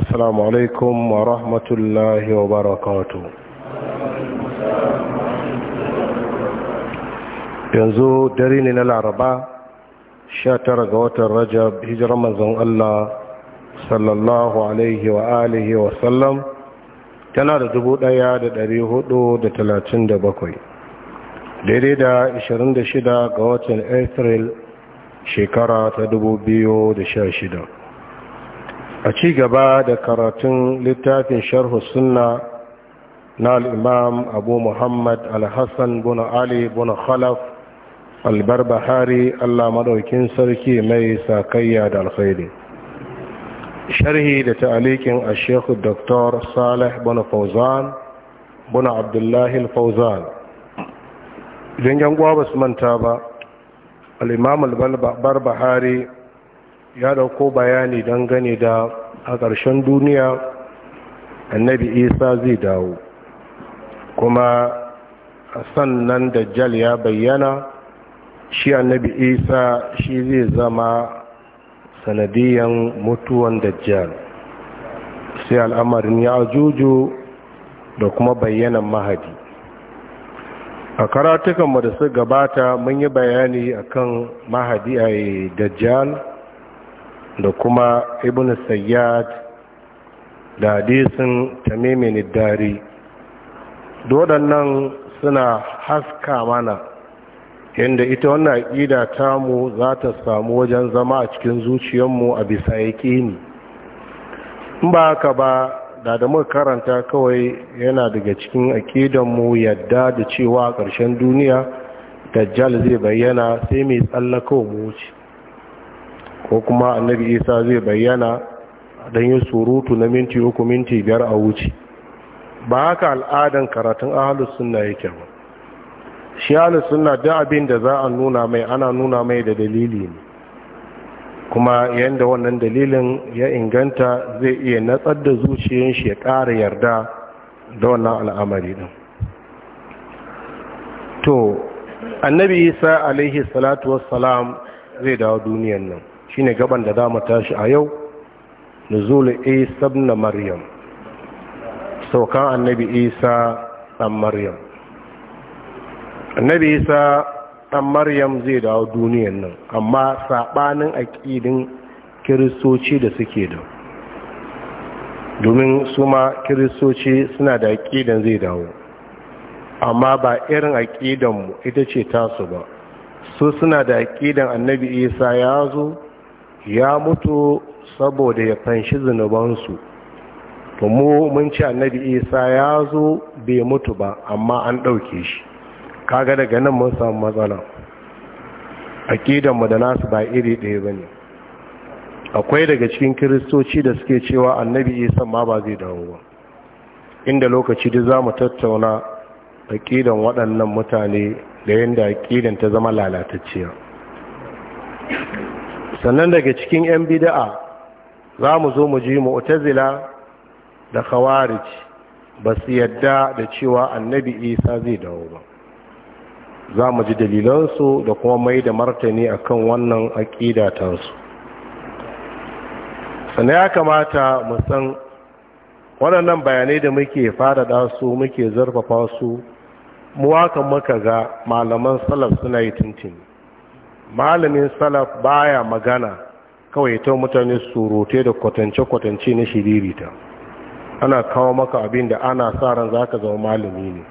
السلام عليكم ورحمة الله وبركاته yanzu dare ne na laraba tara ga watan rajab hijirar manzon Allah sallallahu alaihi wa ɗaya da ɗari hudu da bakwai, daidai da shida ga watan Afril shekara ta shida. a ci gaba da karatun littafin sharhu sunna na al'imam abu muhammad al-hassan buna ali buna khalaf albarbahari allah maɗaukin sarki mai sakayya da alkhairi sharhi da ta'alikin a shekhu doktor salih buna fauzan buna abdullahi fauzan idan yan uwa ba manta ba al'imam albarbahari ya dauko bayani dangane da a ƙarshen duniya annabi isa zai dawo kuma sannan dajjal ya bayyana shi annabi isa shi zai zama sanadiyan mutuwan dajjal sai al'amarin ya ajuju da kuma bayyanan mahadi a karatukanmu da su gabata mun yi bayani akan mahadi a dajjal da kuma ibn sayyad da hadisin tamimin dari nan suna haska mana yanda ita wannan aƙida tamu za ta samu wajen zama a cikin zuciyar zuciyarmu a bisa yaƙini in ba haka ba da da muka karanta kawai yana daga cikin aƙidanmu yadda da cewa a ƙarshen duniya dajjal zai bayyana sai mai tsallaka mu wuce ko kuma annabi isa zai bayyana don yin surutu na minti uku minti biyar a wuce ba haka al'adan karatun ahalus sunna yake ba shi ahalus sunna duk abin da za a nuna mai ana nuna mai da dalili ne kuma yadda wannan dalilin ya inganta zai iya natsar da zuciyar shi ya ƙara yarda da wannan al'amari din to annabi isa alaihi salatu wassalam zai dawo duniyan nan shine gaban da za mu tashi a yau nuzulu isa na maryam saukan annabi isa ɗan maryam annabi isa ɗan maryam zai dawo duniyan nan amma saɓanin aƙidin kiristoci da suke da domin su ma kiristoci suna da aƙidan zai dawo amma ba irin aƙidanmu ita ce tasu ba su suna da aƙidan annabi isa ya zo ya mutu saboda ya fanshi zunubansu to mu mun ci annabi isa ya zo bai mutu ba amma an ɗauke shi kaga daga nan mun samu matsala aƙidanmu da nasu ba iri ɗaya ba ne akwai daga cikin kiristoci da suke cewa annabi isa ma ba zai dawo ba inda lokaci duk za mu tattauna aƙidan waɗannan mutane da yadda aƙidan ta zama lalatacciya sannan daga cikin 'yan bida'a za mu zo mu ji mu'tazila da khawarij ba su yadda da cewa annabi isa zai dawo ba za mu ji dalilansu da kuma mai da martani akan wannan aƙida tansu sannan ya kamata mu san waɗannan bayanai da muke faɗaɗa su muke zarfafa su mu muka ga malaman salaf suna yi tuntuni malamin salaf baya magana kawai ta mutane surute da kwatance-kwatance na shiririta ana kawo maka abin da ana sa ran za ka zama malami ne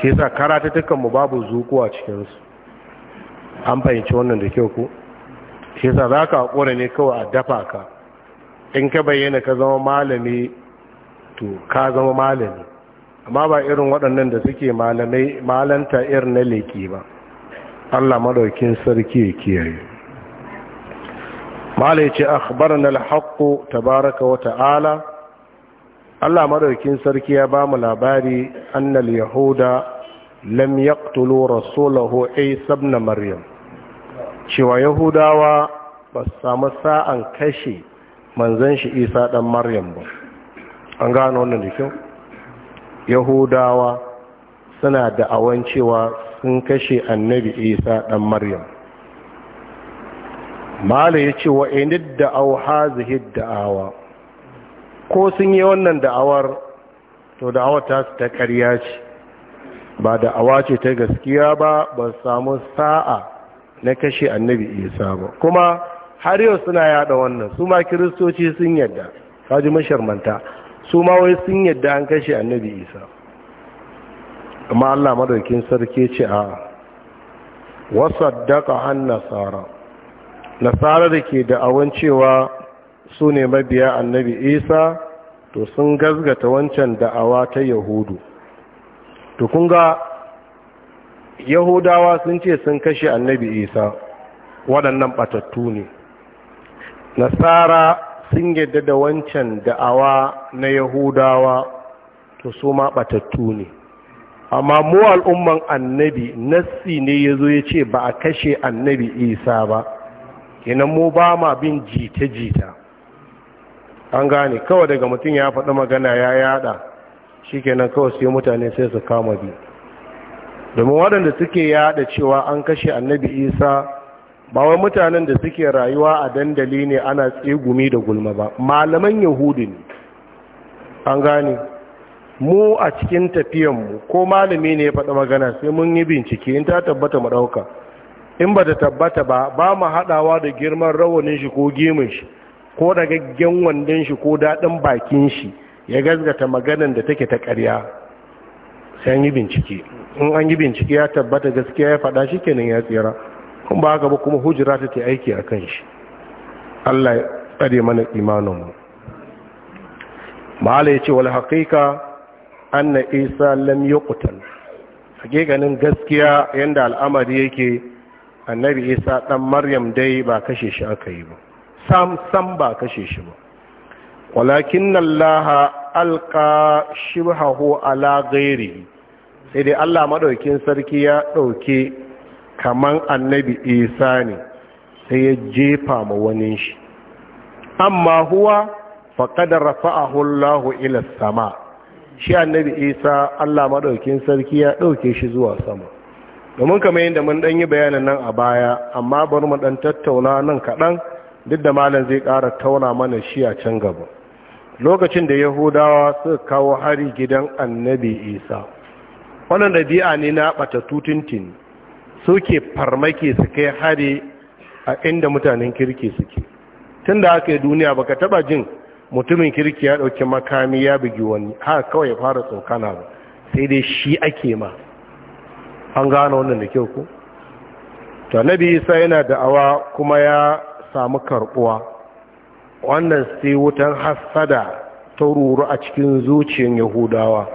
shi yasa karatattukanmu babu zukuwa cikinsu an fahimci wannan da kyau ku shi yasa za ka haƙura ne kawai a dafa ka in ka bayyana ka zama malami to ka zama malami amma ba irin waɗannan da suke malamai malanta irin na leki ba Allah madaukin sarki ya kiyaye malai ce akhbarna al-haqq tabaaraka wa ta'ala Allah madaukin sarki ya bamu labari annal yahuda lam yaqtulu rasulahu isa ibn maryam cewa yahudawa ba su samu sa'an kashe manzon shi isa dan maryam ba an gano wannan da kyau yahudawa suna da'awan cewa sun kashe annabi isa ɗan maryam mala ya ce wa inid da au hazihid da'awa ko sun yi wannan da'awar to da'awar ta ta ƙarya ce ba da'awa ce ta gaskiya ba ba samu sa'a na kashe annabi isa ba kuma har yau suna yada wannan su ma kiristoci sun yadda kaji masharmanta su ma wai sun yadda an kashe annabi isa amma Allah madaukin sarki ce a wasaddaka an nasara nasara da ke da'awan cewa su ne mabiya annabi isa to sun gazgata wancan da'awa ta yahudu to kun yahudawa sun ce sun kashe annabi isa waɗannan ɓatattu ne nasara sun yadda da wancan da'awa na yahudawa to su ma ɓatattu ne amma mu al'umman annabi nassi ne ya zo ya ce ba a kashe annabi isa ba ina mu ba ma bin jita-jita an gane kawai daga mutum ya faɗi magana ya yada shi kenan kawai sai mutane sai su kama bi domin waɗanda suke yada cewa an kashe annabi isa ba wa mutanen da suke rayuwa a dandali ne ana tsegumi da gulma ba malaman yahudu ne an gane mu a cikin mu ko malami ne ya faɗi magana sai mun yi bincike in ta tabbata mu ɗauka in ba ta tabbata ba ba mu haɗawa da girman rawanin shi ko gemun shi ko da gaggen wandon shi ko daɗin bakin shi ya gazgata maganan da take ta ƙarya sai an yi bincike in an yi bincike ya tabbata gaskiya ya faɗa shi kenan ya tsira kun ba haka ba kuma hujira ta ta aiki a kan shi Allah ya tsare mana mu. ma'ala ya ce wal haƙiƙa anna isa lam yuqtal hakikanin gaskiya yanda al'amari yake annabi isa dan maryam dai ba kashe shi aka yi ba sam sam ba kashe shi ba walakin allah alqa shibhahu ala ghairi sai dai allah madaukin sarki ya dauke kaman annabi isa ne sai ya jefa ma wani shi amma huwa faqad rafa'ahu allah ila sama shi annabi isa allah maɗaukin sarki ya ɗauke shi zuwa sama domin kamar yadda mun ɗan yi bayanin nan a baya amma bari mu ɗan tattauna nan kaɗan duk da malam zai ƙara tauna mana shi a can gaba lokacin da yahudawa suka kawo hari gidan annabi isa wannan ɗabi'a ne na ɓata tutintin suke farmaki su kai hari a inda mutanen kirki suke tun da aka yi duniya baka taɓa jin mutumin kirki ya ɗauki makami ya bugi wani ha kawai ya fara tsokana ba sai dai shi ake ma an gano wannan da kyau ko to nabi isa yana da'awa kuma ya samu karbuwa wannan sai wutan hassada ta ruru a cikin zuciyar yahudawa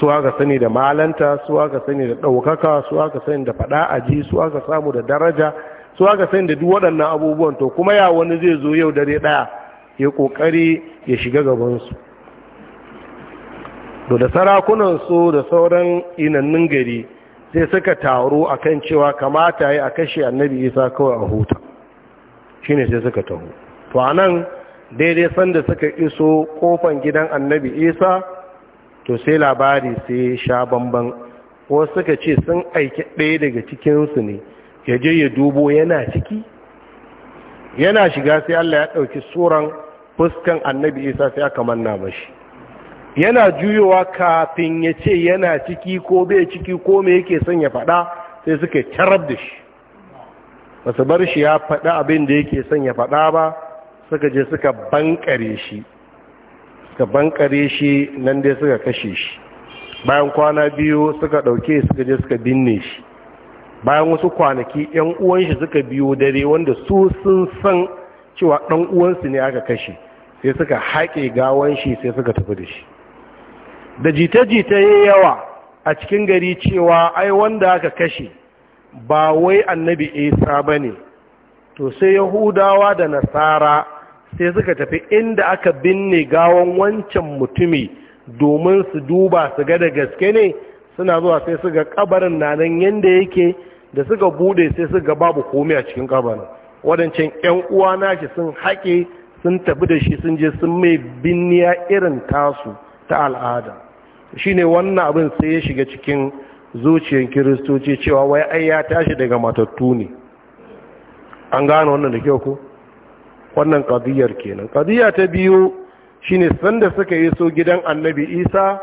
su aka sani da malanta su aka sani da ɗaukaka su aka sani da faɗa aji su aka samu da daraja su aka sani da duk waɗannan abubuwan to kuma ya wani zai zo yau dare ɗaya ya kokari ya shiga gabansu to da sarakunansu da sauran inannin gari sai suka taru akan cewa kamata ya a kashe annabi isa kawai a huta shine sai suka taho to anan daidai sanda suka iso kofan gidan annabi isa to sai labari sai sha bamban wasu suka ce sun aiki ɗaya daga cikinsu ne ya je ya dubo yana ciki yana shiga sai allah ya ɗauki tsoron fuskan annabi isa sai aka manna mashi yana juyowa kafin ya ce yana ciki ko bai ciki ko me yake son ya faɗa sai suka tarar da shi basu bar shi ya faɗa abin yake son ya faɗa ba suka je suka bankare shi suka bankare shi nan dai suka kashe shi bayan kwana biyu suka ɗauke suka je suka binne shi bayan wasu kwanaki 'yan uwanshi suka biyo dare wanda su sun san cewa ɗan uwansu ne aka kashe sai suka haƙe gawan shi sai suka tafi da shi da jita-jita ya yawa a cikin gari cewa ai wanda aka kashe ba wai annabi isa ba ne to sai yahudawa da nasara sai suka tafi inda aka binne gawan wancan mutumi domin su duba su ga da gaske ne suna zuwa sai suka kabarin na yadda yake da suka bude sai suka babu komai a cikin kabarin waɗancan 'yan uwa nashi sun haƙe sun tafi da shi sun je sun mai binniya irin tasu ta al'ada Shi ne wannan abin sai ya shiga cikin zuciyar kiristoci cewa wai ai ya tashi daga matattu ne an gano wannan da kyau ko wannan ƙadiyar kenan Ƙadiyar ta biyu shi ne sanda suka yi so gidan annabi isa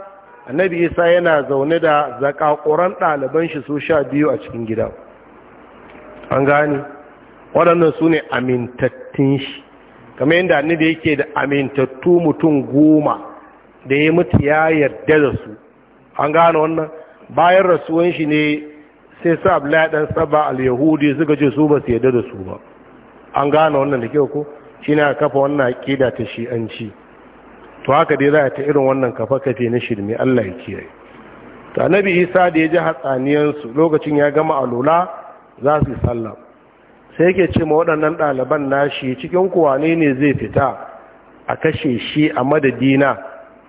annabi isa yana zaune da zakakuran ɗaliban shi so sha biyu a cikin gida an gane waɗannan su ne amintattun shi kamar yadda da yake da amintattu mutum goma da ya mutu ya yarda da su an gano wannan bayan rasuwan shi ne sai sa abdullahi dan saba al-yahudi suka ce su ba su yarda da su ba an gano wannan da kyau ko ne a kafa wannan da ta shi'anci to haka dai za a ta irin wannan kafa kafe na shirme Allah ya kiyaye to annabi Isa da ya ji hatsaniyansu lokacin ya gama alula za su yi sallah sai yake ce ma waɗannan ɗaliban nashi cikin kuwa ne zai fita a kashe shi a madadina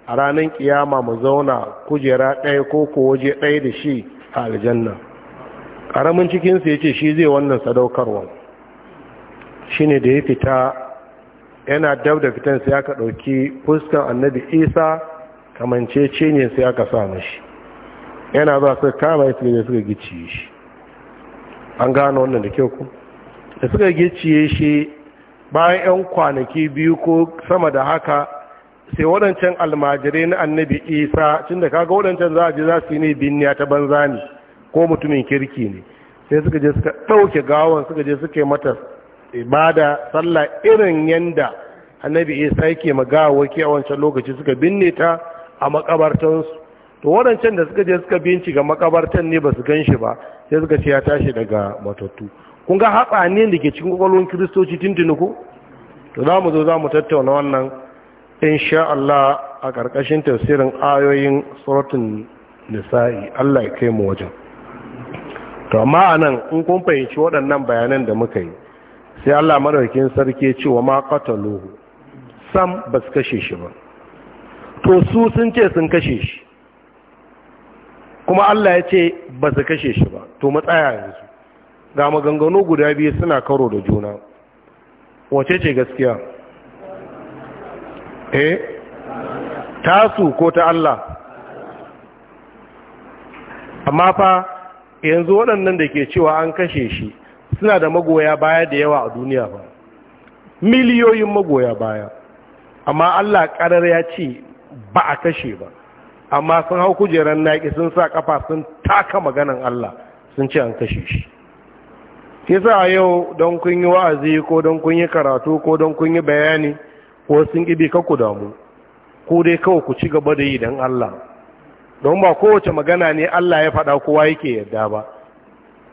a ranar kiyama mu zauna kujera ɗaya ko ko waje ɗaya da shi a aljanna ƙaramin cikinsu ya ce shi zai wannan sadaukarwa shi ne da ya fita yana dab da fitan sai aka ɗauki fuskan annabi isa ce ne sai aka sa mashi yana ba su kama ya suka gici shi an gano wannan da kyau ku da suka gicciye shi bayan 'yan kwanaki biyu ko sama da haka sai waɗancan almajirai na annabi isa cin da kaga waɗancan za a ji za su yi ne binniya ta banza ne ko mutumin kirki ne sai suka je suka ɗauke gawon suka je suka mata ibada sallah irin yanda annabi isa yake magawaki a wancan lokaci suka binne ta a makabartansu to waɗancan da suka je suka ga makabartan ne ba su gan shi ba sai suka ce ya tashi daga matattu kun ga hatsaniyar da ke cikin kwakwalwar kiristoci tuntuni ku? to za mu zo za mu tattauna wannan insha Allah a ƙarƙashin tafsirin ayoyin suratun nisa'i Allah ya kai mu wajen to amma anan in kun fahimci waɗannan bayanan da muka yi sai Allah madaukakin sarki ya ce wa ma qataluhu sam ba su kashe shi ba to su sun ce sun kashe shi kuma Allah ya ce ba su kashe shi ba to matsaya yanzu ga maganganu guda biyu suna karo da juna wace ce gaskiya eh tasu ko ta Allah amma fa yanzu waɗannan da ke cewa an kashe shi suna da magoya baya da yawa a duniya ba miliyoyin magoya baya amma Allah ƙarar ya ce ba a kashe ba amma sun hau kujerar naƙi sun sa ƙafa sun taka maganan Allah sun ce an kashe shi a yau don kun yi wa'azi ko don kun yi karatu ko don kun yi bayani ko sun ibi ka ku damu ko dai kawai ku ci gaba da yi don Allah don ba kowace magana ne Allah ya faɗa kowa yake yadda ba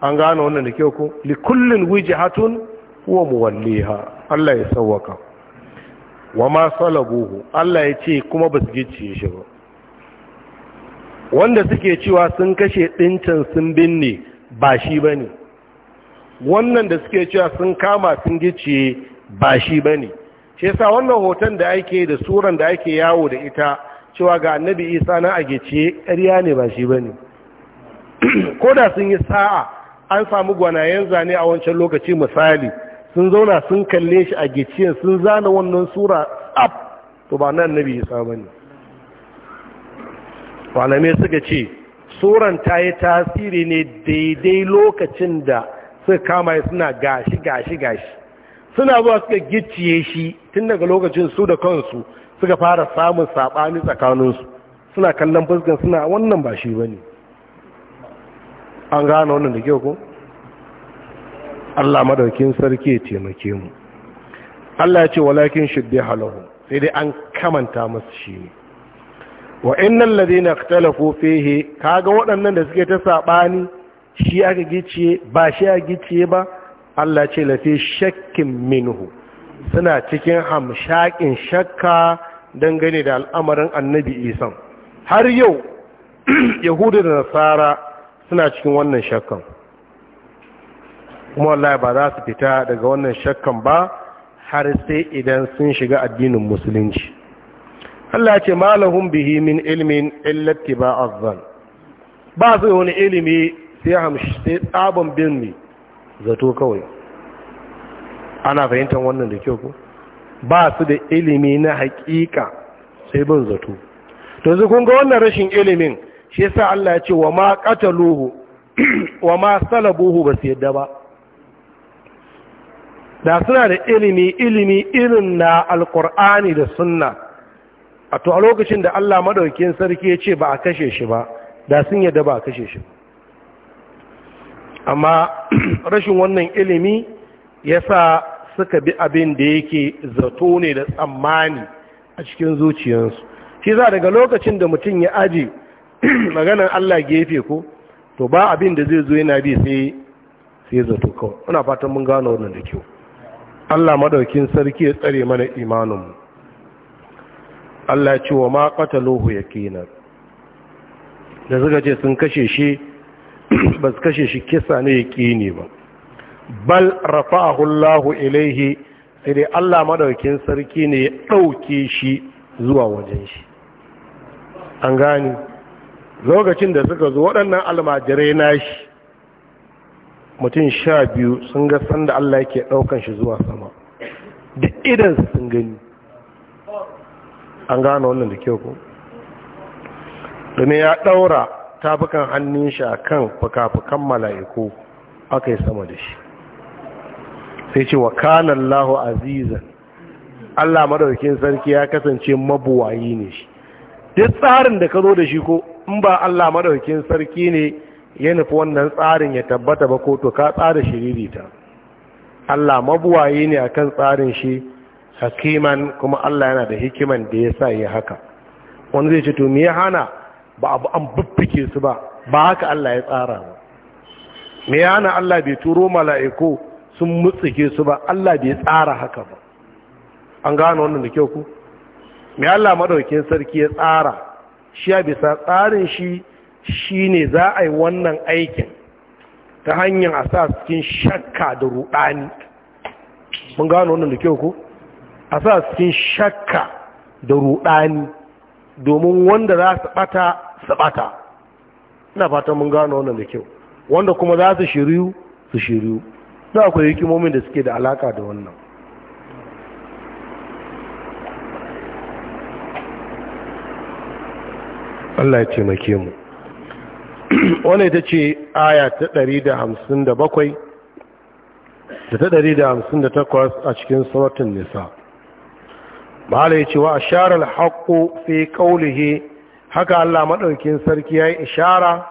an gano wannan da kyau ko li kullin wijhatun wa muwalliha Allah ya sawwaka wa ma salabuhu Allah ya ce kuma ba su gicciye shi ba wanda suke cewa sun kashe ɗincin sun binne ba shi ba wannan da suke cewa sun kama sun gice ba shi ba ne ce sa wannan hoton da ake da suran da ake yawo da ita cewa ga annabi isa na a gice ƙarya ne ba shi ba ne ko da sun yi sa'a an samu gwanayen zane a wancan lokaci misali sun zauna sun kalle shi a giciyar sun zana wannan sura tsaf to ba nan nabi isa ba ne Ƙwalame suka ce suran ta yi tasiri ne daidai lokacin da suka kama ya suna gashi gashi gashi suna zuwa suka gicciye shi tun daga lokacin su da kansu suka fara samun saɓani tsakaninsu suna kallon fuskan suna wannan ba shi ba ne an gane wannan da kyau ko? Allah madaukin sarki ya taimake mu Allah ya ce walakin shibbi halahu sai dai an kamanta masu shi ne wa innal ladina ikhtalafu fihi kaga waɗannan da suke ta saɓani? shi aka gicciye ba shi aka gicciye ba Allah ce lafi shakkin minhu suna cikin hamshakin shakka dangane da al'amarin annabi isan har yau yahudu da nasara suna cikin wannan shakkan kuma wallahi ba za su fita daga wannan shakkan ba har sai idan sun shiga addinin musulunci Allah ce malahun bihimin min ilmin ba azzal ba su wani ilimi sai hamshi sai tsaban bin ne zato kawai ana fahimtar wannan da kyau ko ba su da ilimi na haƙiƙa sai bin zato to yanzu kun ga wannan rashin ilimin shi sa Allah ya ce wa ma qataluhu wa ma salabuhu ba su yadda ba da suna da ilimi ilimi irin na alkur'ani da sunna a to a lokacin da Allah madaukakin sarki ya ce ba a kashe shi ba da sun yadda ba a kashe shi ba amma rashin wannan ilimi ya sa suka bi abin da yake zato ne da tsammani a cikin zuciyarsu shi za daga lokacin da mutum ya aji maganar Allah gefe ko to ba abin da zai zo yana bi sai sai zato kawai ina fatan mun gano wannan da kyau Allah madaukin sarki ya tsare mana imaninmu Allah ya ce wa ma qataluhu yaqinan da suka ce sun kashe shi ba su kashe shi kisa ne ya ne ba bal rafa'ahu Allahu ilaihi sai dai Allah madaukin sarki ne ya ɗauke shi zuwa wajen shi an gani lokacin da suka zo waɗannan almajirai shi, mutum sha biyu sun ga sanda Allah yake ɗaukan shi zuwa sama da idan sun gani an gano wannan da kyau ku. domin ya ɗaura tafukan hannun shi akan fukafukan mala'iku aka yi sama da shi sai ce wa kanan Allahu azizan Allah madaukin sarki ya kasance mabuwayi ne shi duk tsarin da ka zo da shi ko in ba Allah madaukin sarki ne ya nufi wannan tsarin ya tabbata ba ko to ka tsara shiririta Allah mabuwayi ne akan tsarin shi hakiman kuma Allah yana da hikiman da ya sa yi haka wani zai ce to me ya hana ba abu an babbike su ba ba haka Allah ya tsara ba me yana Allah bai turo mala'iku sun mutsike su ba Allah bai tsara haka ba an gano wannan da kyau ku me Allah madaukakin sarki ya tsara shi ya bisa tsarin shi shine za a yi wannan aikin ta hanyar a sa cikin shakka da rudani mun gano wannan da kyau ku a sa cikin shakka da rudani domin wanda za su bata su bata ina fatan mun gano wannan da kyau wanda kuma za su shiryu su shiryu za akwai hikimomin da suke da alaka da wannan Allah ya taimake mu wane ita ce aya ta 157 da ta 158 a cikin sautin nisa mahala ya ce wa asharar haƙo fi ƙaulihe haka Allah maɗaukin sarki ya yi ishara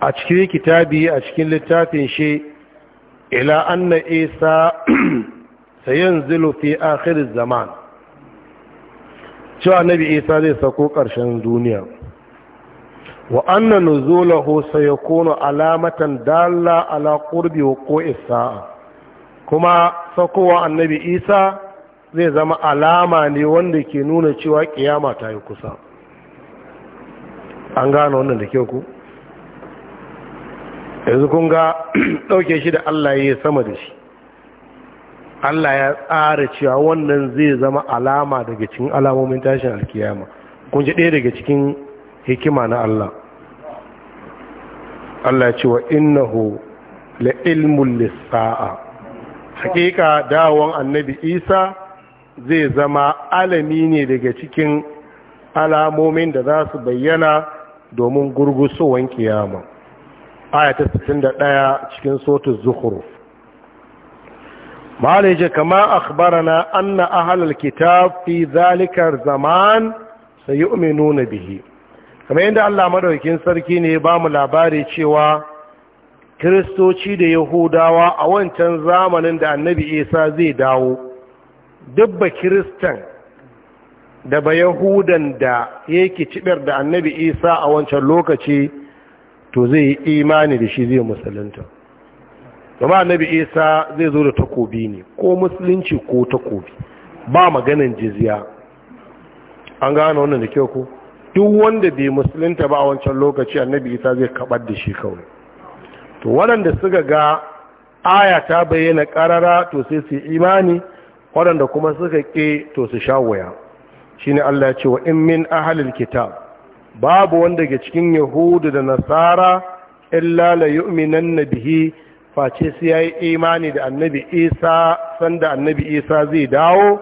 a cikin kitabi a cikin littafin shi ila anna isa sayan zilo fi akhirin zaman cewa nabi isa zai sako ƙarshen duniya wa anna nuzulahu sayakunu alamatan dalla ala qurbi wa sa'a kuma sakowa annabi isa zai zama alama ne wanda ke nuna cewa kiyama ta yi kusa an gano wannan da kyau ku yanzu kun ga ɗauke shi da Allah ya sama da shi Allah ya tsara cewa wannan zai zama alama daga cikin alamomin tashin alkiyama kun ji ɗaya daga cikin hikima na Allah Allah ce wa innahu la ilmul lisaa hakika dawon annabi Isa zai zama alami ne daga cikin alamomin da za su bayyana domin gurgusowan kiyama ayata ta 61 cikin sotu zuhuru malaje kama akhbarana anna ahlul kitab fi zalikar zaman sayu'minuna bihi Kama yadda Allah madaukakin sarki ne ba mu labari cewa kiristoci da yahudawa a wancan zamanin da annabi isa zai dawo dubba kiristan da ba yahudan da yake cibiyar da annabi isa a wancan lokaci to zai yi imani da shi zai musulunta ba annabi isa zai zo da takobi ne ko musulunci ko takobi ba maganin jiziya. an gano wannan da kyau ko duk wanda bai musulunta ba a wancan lokaci annabi isa zai kabar da shi kawai to waɗanda suka ga aya ta bayyana ƙarara to sai su imani waɗanda kuma suka ƙi to su sha waya ne Allah ya ce wa in min ahlil kitab babu wanda ga cikin yahudu da nasara illa la yu'minan bihi face sai yi imani da annabi isa sanda annabi isa zai dawo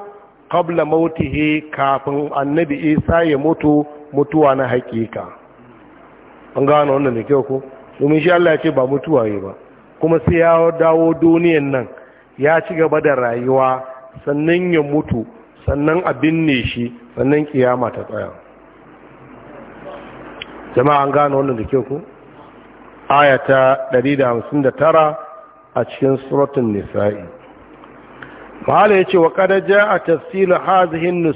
kabla mautihi kafin annabi isa ya mutu mutuwa na hakika an gano wannan da kyau ko domin shi Allah ya ce ba mutuwa ba kuma sai ya dawo duniyan nan ya ci gaba da rayuwa sannan ya mutu sannan a binne shi sannan kiyama ta tsaya jama'a an gano wannan da kyau ku ayata 159 a cikin suratul nisa'i mahala yace wa qad jaa tafsil hadhihi an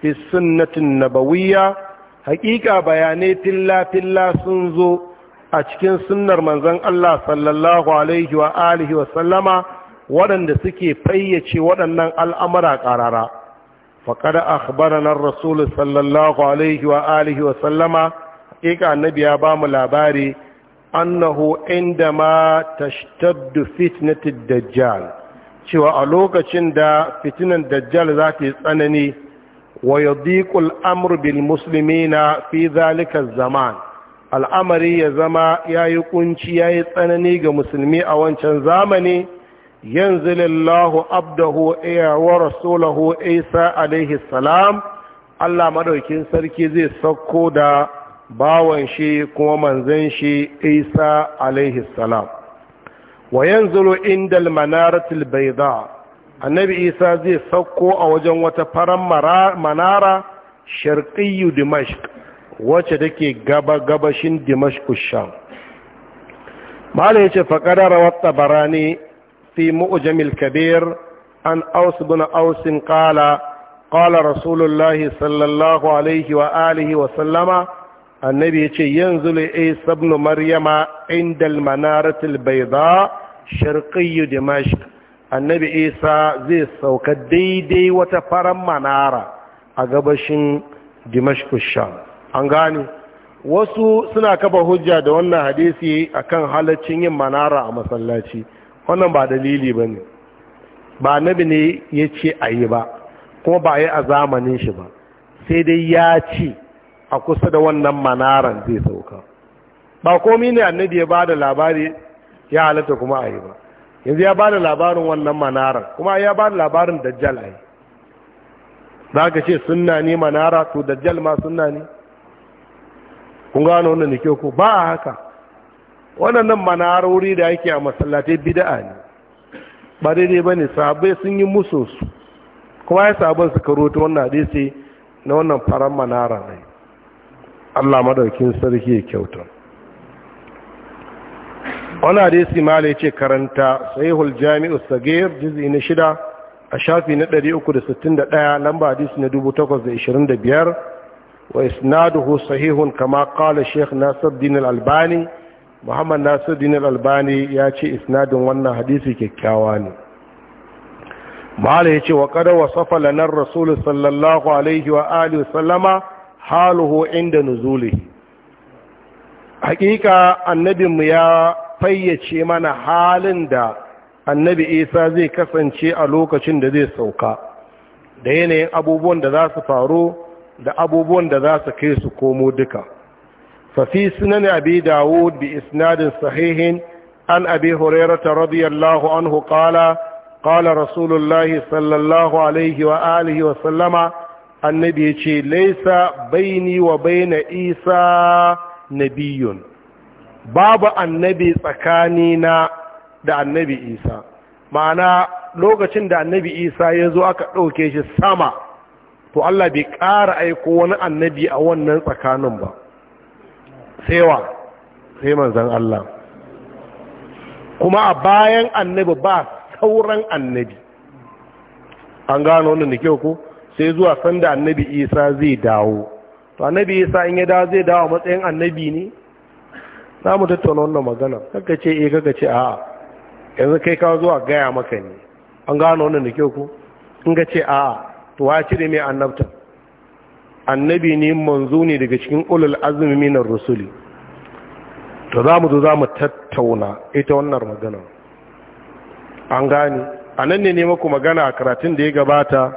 fi sunnati nabawiyya haqiqa bayanai filla filla sun zo a cikin sunnar manzon Allah sallallahu alaihi wa alihi wa sallama waɗanda suke fayyace waɗannan al'amura ƙarara faƙada akhbaranar rasulu sallallahu alaihi wa alihi wa sallama ƙiƙa annabi ya ba mu labari annahu inda ma tashtaddu fitnatin dajjal cewa a lokacin da fitinan dajjal za ta yi tsanani wa yadiqul Amurbin bil na fi zalika zaman al'amari ya zama ya yayi kunci yi tsanani ga musulmi a wancan zamani Yanzu الله عبده إيه ورسوله عيسى عليه السلام Allah maɗaukin sarki zai sauko da bawan shi kuma manzan shi Isa alaihi salam wa yanzuru indal manaratil bayda annabi Isa zai sauko a wajen wata faran manara sharqiyyu dimashq wacce take gaba gabashin dimashq sham mala yace faqadara wa tabarani في مؤجم الكبير عن أوس بن أوس قال قال رسول الله صلى الله عليه وآله وسلم النبي ينزل عيسى بن مريم عند المنارة البيضاء شرقي دمشق annabi isa zai sauka daidai wata farar manara a gabashin dimashkusha an gane wasu suna kafa hujja da wannan hadisi akan halarcin yin manara a masallaci wannan ba dalili ba ne ba nabi ne ya ce a yi ba kuma ba yi a zamanin shi ba sai dai ya ce a kusa da wannan manaran zai sauka ba komi ne annabi ya ba da labari ya halatta kuma a yi ba yanzu ya ba da labarin wannan manaran kuma ya ba da labarin dajjal a yi za ka ce sunna ne manara to dajjal ma sunna ne kun gano wannan da kyau ko ba a haka waɗannan manarori da yake a masallatai bida'a ne ba daidai ba ne sahabai sun yi su, kuma ya sahabin suka roto wannan hadisi na wannan faran manara ne Allah madaukin sarki ya kyauta wannan hadisi mala ce karanta sahihul jami'u sagir juz'i na shida a shafi na 361 lamba hadisi na 825 wa isnaduhu sahihun kama qala shaykh nasar dinar al-Albani muhammad nasiruddin albani ya ce isnadin wannan hadisi kyakkyawa ne mahala ya ce wa kada wa safa lanar rasulu sallallahu alaihi wa alihi sallama haluhu inda nuzuli hakika annabinmu ya fayyace mana halin da annabi isa zai kasance a lokacin da zai sauka da yanayin abubuwan da za su faru da abubuwan da za su kai su komo duka ففي سنن أبي داود بإسناد صحيح عن أبي هريرة رضي الله عنه قال قال رسول الله صلى الله عليه وآله وسلم النبي يقول ليس بيني وبين إيسى نبي babu annabi tsakanina da annabi isa ma'ana lokacin da annabi isa ya zo aka ɗauke shi sama to allah bai ƙara aiko wani annabi a wannan tsakanin ba sewa sai manzan Allah kuma a bayan annabi ba sauran annabi an gano wannan da kyau ko sai zuwa sanda annabi isa zai dawo to annabi isa in ya dawo zai dawo matsayin annabi ne za mu tattauna wannan magana kaka ce eh kaka ce a'a yanzu kai ka zuwa gaya maka ne an gano wannan da kyau ko in ka ce a'a to wa cire mai annabta annabi ne manzo ne daga cikin ulul azumi minar rusuli to za mu zo za mu tattauna ita wannan magana an gane a nan ne nema ku magana a karatun da ya gabata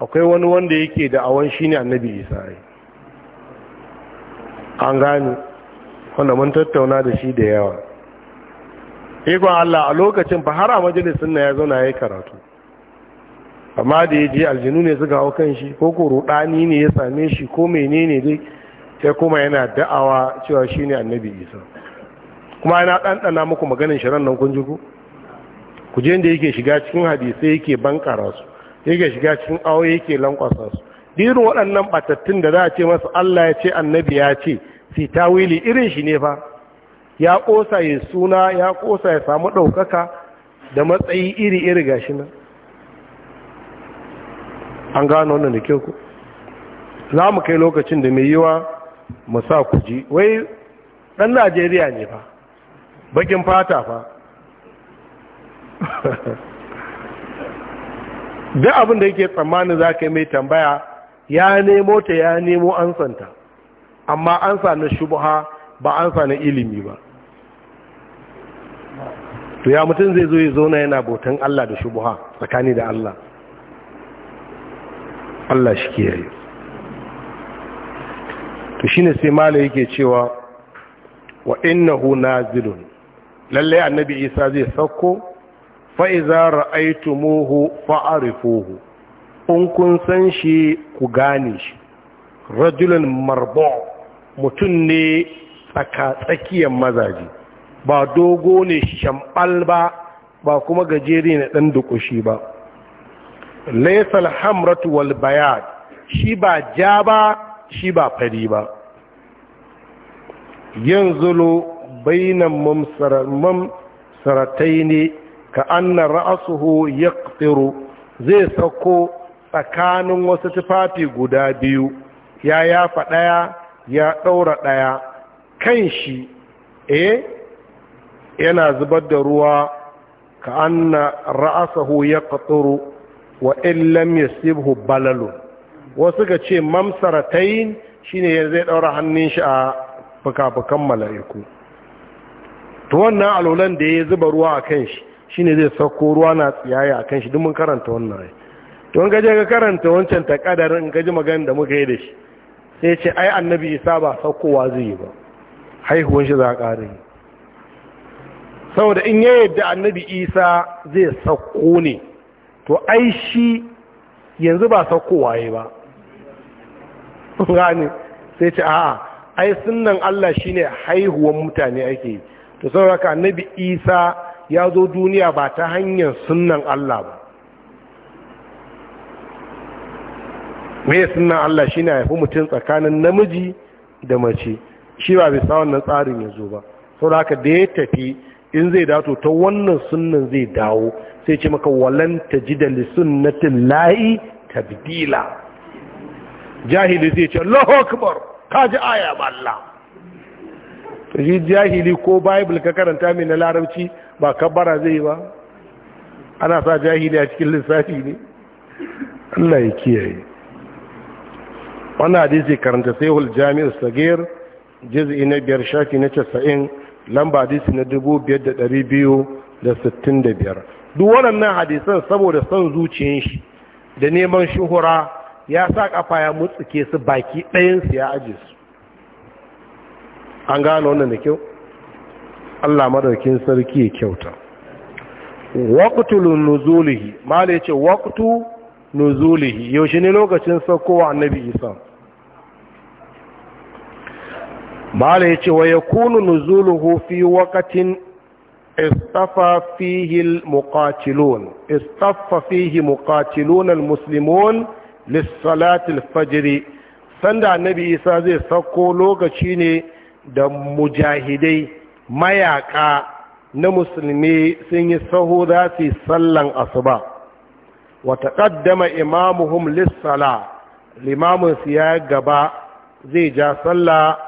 akwai wani wanda yake da awon shi ne annabi isa an gane wanda mun tattauna da shi da yawa ikon allah a lokacin fa har a majalisun na ya zauna ya yi karatu amma da ya je aljinu ne suka hau kan shi ko ko rudani ne ya same shi ko menene dai sai kuma yana da'awa cewa shi ne annabi isa kuma yana ɗanɗana muku maganin shirin nan kun ji ku ku je da yake shiga cikin hadisai yake bankara su yake shiga cikin awo yake lankwasa su dirin waɗannan batattun da za a ce masa Allah ya ce annabi ya ce fi tawili irin shi ne fa ya ƙosa ya suna ya ƙosa ya samu ɗaukaka da matsayi iri iri gashi nan an gano wannan da kyau ku za mu kai lokacin da mai yiwa mu sa ku ji wai ɗan najeriya ne fa bakin fata fa duk abin da yake tsammani za ka yi mai tambaya ya nemo ta ya nemo ansanta amma ansa na shubha ba ansa na ilimi ba to ya mutum zai zo ya zauna yana bautan Allah da shubha tsakani da Allah Allah shi kiyaye to shine sai malai yake cewa wa innahu nazilun lalle annabi Isa zai sauko fa iza ra'aytumuhu fa'rifuhu in kun san shi ku gane shi rajulun marbu mutum ne tsaka tsakiyar mazaji ba dogo ne shambal ba ba kuma gajere ne dan dukushi ba laisal hamratu wal bayad shi ba ja ba shi ba fari ba yin zulu bainan mamsaratai ne ka anna ra'asuhu ya zai sako tsakanin wasu tufafi guda biyu ya yafa ɗaya ya ɗaura ɗaya kan shi eh yana zubar da ruwa ka anna ra'asahu ya wa illam yasibhu balalu wasu ga ce mamsaratain shine yanzu zai daura hannun shi a fuka-fukan mala'iku to wannan alolan da ya zuba ruwa a kan shi shine zai sauko ruwa na tsiyaya a kan shi mun karanta wannan to in gaje ka karanta wancan ta kadarin in gaji magana da muka yi da shi sai ce ai annabi isa ba saukowa zai yi ba haihuwan shi za a ƙara yi saboda in ya yadda annabi isa zai sauko ne to ai shi yanzu ba saukowa ya ba gani sai ce a'a ai sunan Allah shi ne haihuwan mutane ake yi to na annabi isa ya zo duniya ba ta hanyar sunan Allah ba mai sunan Allah shi ne haifi mutum tsakanin namiji da mace shi ba bisa wannan tsarin ya zo ba haka da ya tafi in zai dato ta wannan sunnan zai dawo sai ce maka walan tajida li sunnatin ta bidila jahili zai ce Allahu ka ji aya ba Allah ji jahili ko bible ka karanta mai na larabci ba kabara zai ba ana sa jahili a cikin lissafi ne Allah ya kiyaye wannan hadisi karanta hul Jami'ar sagir jizi na biyar shafi na casa'in. lamba hadisi na dubu biyar da ɗari biyu da sittin da biyar duk waɗannan hadisan saboda son zuciyin shi da neman shuhura ya sa ƙafa ya mutsuke su baki ɗayansu ya aji su an gano wannan da kyau Allah madaukin sarki ya kyauta Waqtulun nuzulihi mala ce waqtu nuzulihi yaushe ne lokacin saukowa annabi Isa mala ce wa yakunu nuzuluhu fi waqtin istafa fihi almuqatilun istafa fihi muqatilun sanda annabi isa zai sako lokaci ne da mujahidai mayaƙa na musulmi sun yi saho za sallan asuba wa taqaddama imamuhum lis-sala limamin su gaba zai ja sallah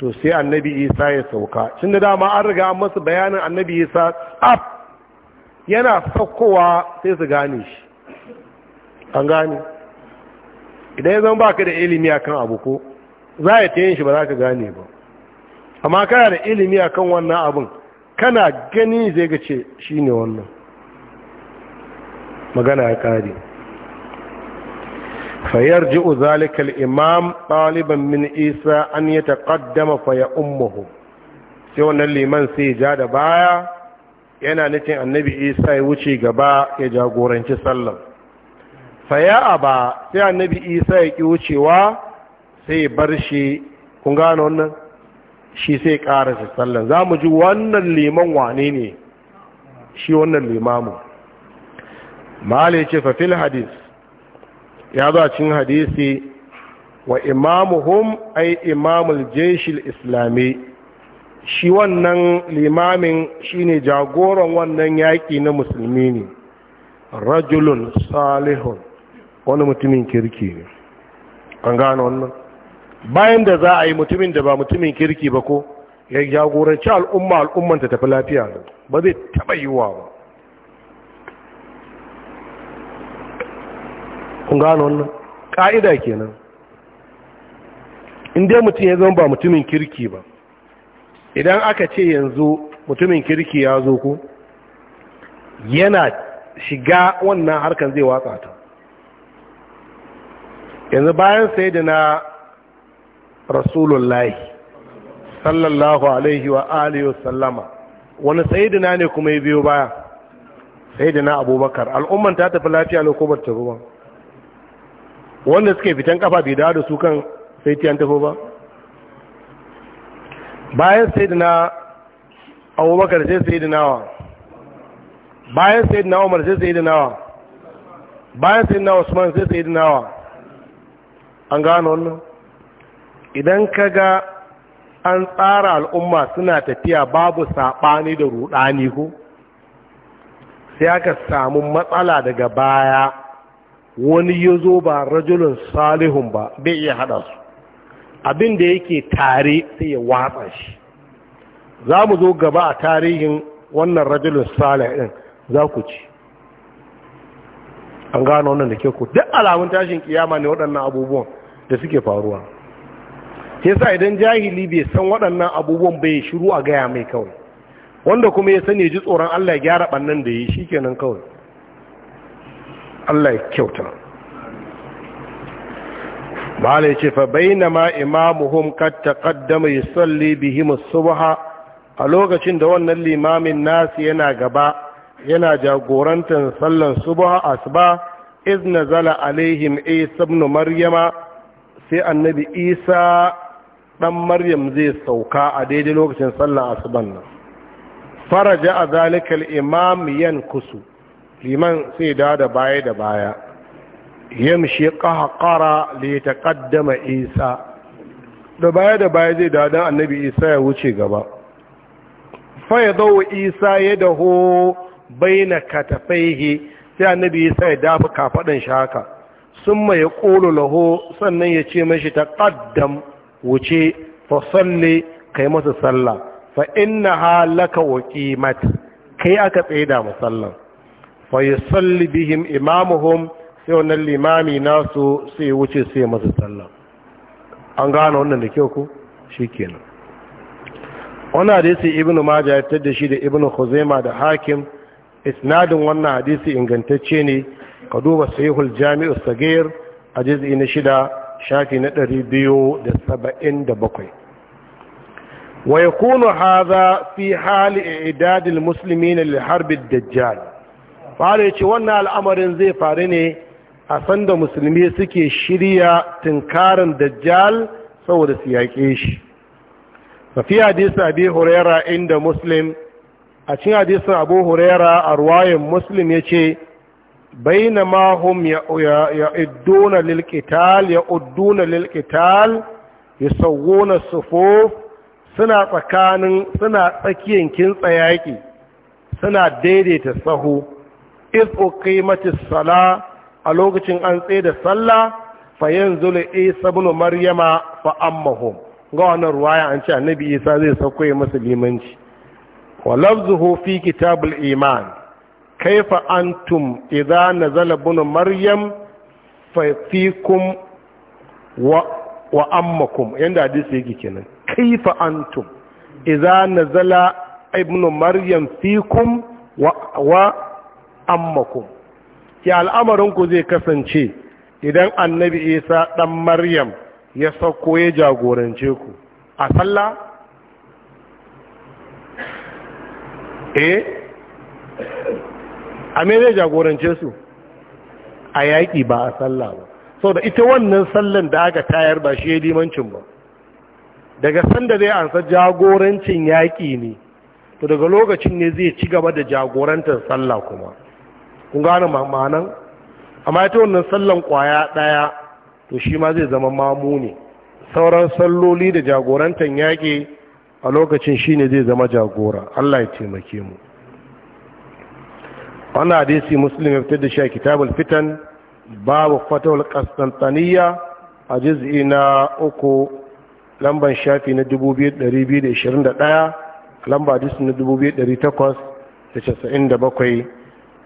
to sai annabi isa ya sauka cin da dama an riga masu bayanin annabi isa tsaf yana saukowa sai su gane shi an gane idan ya zama baka da ilimi akan abu ko za ta yin shi ba za ka gane ba amma kana da ilimi akan wannan abin kana gani zai gace shi ne wannan magana ya kare فيرجع ذلك الإمام طالبا من إيسى أن يتقدم فيأمه سيونا الليمان da بايا yana nufin annabi isa ya wuce gaba ya jagoranci sallan faya a ba sai annabi isa ya ƙi wucewa sai ya bar shi kun gano wannan shi sai ƙarasa sallan za mu ji wannan liman wane ne shi wannan limamu ma'ala ya ce fafil hadis ya zo a cikin hadisi wa imamuhum ai imamul jeshil islami shi wannan limamin shine jagoran wannan yaƙi na musulmi ne rajulun salihun wani mutumin kirki ne an gano wannan bayan da za a yi mutumin da ba mutumin kirki ba ko ya jagoranci al'umma al'ummanta tafi lafiya ba zai taɓa yiwuwa ba kun gano wannan ƙa'ida kenan in dai mutum ya zama ba mutumin kirki ba idan aka ce yanzu mutumin kirki ya zo ku yana shiga wannan harkar zai watsa ta yanzu bayan sai da na rasulullahi sallallahu alaihi wa alihi sallama wani sayidina ne kuma ya biyo baya sayidina abubakar al'umman ta tafi lafiya lokobar ta ba? wanda suke fitan kafa bai dawo da su kan sai tiyan tafo ba bayan sai da na abubakar sai sai da nawa bayan sai da umar sai sai da nawa bayan sai na usman sai sai da nawa an gano wannan idan ka ga an tsara al'umma suna tafiya babu saɓani da ruɗani ko sai aka samu matsala daga baya wani ya zo ba rajulun salihun ba bai iya haɗa su abin da yake tare sai ya watsa shi za mu zo gaba a tarihin wannan rajulun salihun za ku ci an gano wannan da ke ku duk alamun tashin kiyama ne waɗannan abubuwan da suke faruwa yasa idan jahili bai san waɗannan abubuwan bai shiru a gaya mai kawai wanda kuma ya sani ji tsoron Allah ya gyara ɓannan da yi shi kenan kawai Allah ya kyauta malai ce fa ma imamuhum kad taqaddama yusalli bihim as-subha a lokacin da wannan limamin nasu yana gaba yana jagorantar sallan subha asba izna zala alaihim isa ibn maryama sai annabi isa dan maryam zai sauka a daidai lokacin sallan asuban nan faraja a zalikal imam yankusu liman sai da da baya da baya yamshi qahqara li taqaddama isa da baya da baya zai da dan annabi isa ya wuce gaba fa ya isa ya dahu baina katafaihi sai annabi isa ya dafa kafadan shaka. haka summa ya qulu lahu sannan ya ce mashi taqaddam wuce fa salli kai masa sallah fa innaha laka waqimat kai aka tsaida musallan fa bihim imamuhum sai wannan limami nasu sai wuce sai masa sallah an gano wannan da kyau ko shikenan wannan hadisi ibnu majah ya tada shi da ibnu khuzaimah da hakim isnadin wannan hadisi ingantacce ne ka duba sahihul jami'u sagir a juz'i na shida shafi na 277 ويكون fi hali idadil muslimin li harbi Dajjal? fara ce wannan al'amarin zai faru ne a sanda musulmi suke shirya tunkarin dajjal saboda su yaƙe shi mafi hadisa abi huraira inda muslim a cin hadisin abu huraira a ruwayin muslim ya ce baina mahum ya idduna lilkital ya uduna lilkital ya sauwona sufuf suna tsakanin suna tsakiyan kintsa yaƙi suna daidaita sahu iz uqimatis sala a lokacin an tsaye da sallah fa yanzu la isa ibn maryama fa ammahum ga wannan ruwaya an ce annabi isa zai sako ya masa limanci wa lafzuhu fi kitabul iman kaifa antum idza nazala ibn maryam fa fikum wa wa ammakum yanda hadisi yake kenan kaifa antum idza nazala ibn maryam fikum wa wa ammakum ya al'amarinku zai kasance idan annabi isa ɗan maryam ya sauko ya jagorance ku a sallah eh a me zai jagorance su a yaƙi ba a sallah ba sau da ita wannan sallan da aka tayar ba shi ya limancin ba daga sanda zai ansa jagorancin yaƙi ne to daga lokacin ne zai ci gaba da jagorantar sallah kuma kun gane ma'anan amma ita wannan sallan kwaya ɗaya to shi ma zai zama mamu ne sauran salloli da jagorantar yaƙi a lokacin shi ne zai zama jagora Allah ya taimake mu wannan hadisi muslim ya fitar da shi a kitabul fitan babu fatawul qastantaniya a juz'i na uku lamban shafi na 2221 lamba hadisi na 2897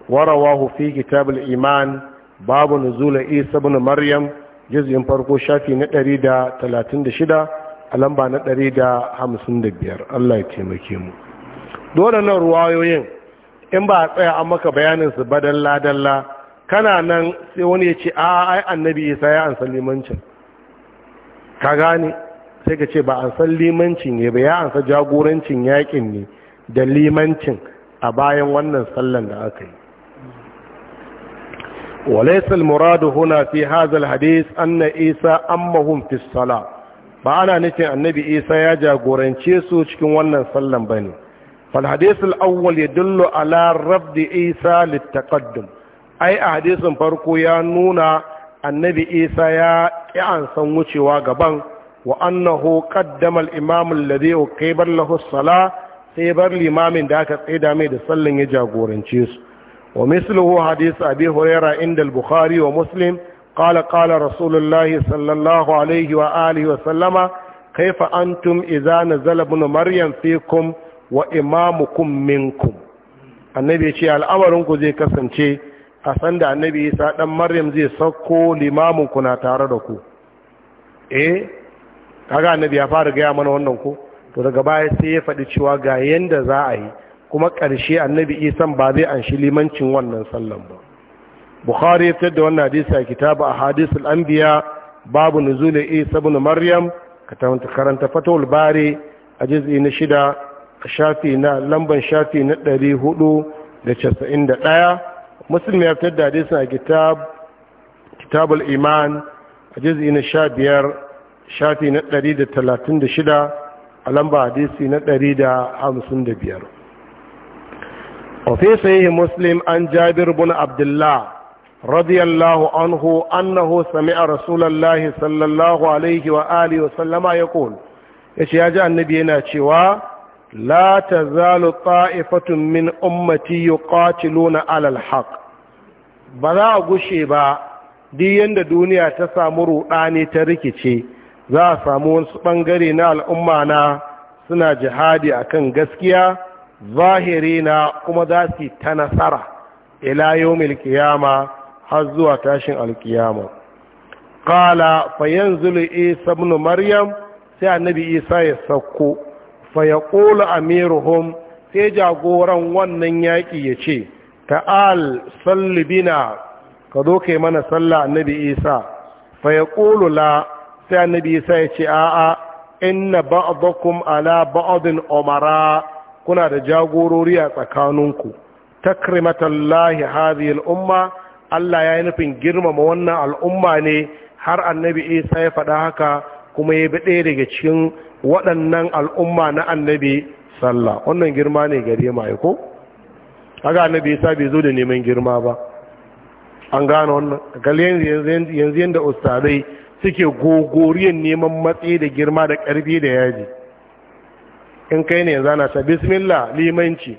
warawahu Hufi kitabul iman babu nuzul isa ibn maryam juz'in farko shafi na 136 a lamba na 155 Allah ya taimake mu dole nan ruwayoyin in ba a tsaya an maka bayaninsu su badalla dalla kana nan sai wani ya ce a ai annabi isa ya an sallimancin ka gane sai ka ce ba an san limancin ya ba ya ansa jagorancin yakin ne da limancin a bayan wannan sallar da aka yi وليس المراد هنا في هذا الحديث أن إيسى أمهم في الصلاة فأنا نتي النبي إيسى يجا قرنشيسو شكو ونن سلم بني فالحديث الأول يدل على رفض إيسى للتقدم أي أحديث فرقو يانونا النبي إيسى يا كعن سنوشي واقبان وأنه قدم الإمام الذي أقيبر له الصلاة سيبر الإمام ذاك قيدا ميد سلم يجا قرنشيسو ومثله حديث أبي هريرة عند البخاري ومسلم قال قال رسول الله صلى الله عليه وآله وسلم كيف أنتم إذا نزل ابن مريم فيكم وإمامكم منكم annabi ya ce al'amarinku zai kasance a sanda annabi isa ɗan maryam zai sauko limaminku na tare da ku eh kaga annabi ya fara gaya mana wannan ku to daga baya sai ya faɗi cewa ga yanda za a yi kuma ƙarshe annabi isan ba zai anshi limancin wannan sallan ba bukhari ya fitar da wannan hadisi a kitabu a hadisul anbiya babu nuzulin isa bin maryam ka karanta fatawul bari a jizi na shida a shafi na lamban shafi na ɗari hudu da casa'in da ɗaya Musulmi ya fitar da hadisa a kitab kitabul iman a jizi na sha biyar shafi na ɗari da talatin da shida a lamba hadisi na ɗari da hamsin da biyar وفي صحيح مسلم عن جابر بن عبد الله رضي الله عنه أنه سمع رسول الله صلى الله عليه وآله وسلم يقول يشياج النبي ناتشوا لا تزال طائفة من أمتي يقاتلون على الحق بلا غشي با دي يند دنيا تسامو روداني ta rikice za a samu wasu ɓangare na al'umma na suna jihadi akan gaskiya zahirina kuma za su ta nasara ila yawmil qiyama har zuwa tashin alkiyama Kala fa zulu isa bin maryam sai annabi isa ya sauko fa yaqulu amiruhum sai jagoran wannan yaƙi ya ce ta'al sallibina ka zo kai mana sallah annabi isa Faya yaqulu la sai annabi isa ya ce a'a inna ba'dakum ala ba'adun omara. kuna da jagorori a tsakaninku takrimatallahi hadhihi al-umma Allah ya yi nufin girmama wannan al'umma ne har annabi Isa ya faɗa haka kuma ya bi ɗaya daga cikin waɗannan al'umma na annabi sallah wannan girma ne gare ma ko haka annabi Isa bai zo da neman girma ba an gano wannan galen yanzu yanda ustazai suke gogoriyan neman matsayi da girma da ƙarfi da yaji in kai ne yanzu ana sa bismillah limanci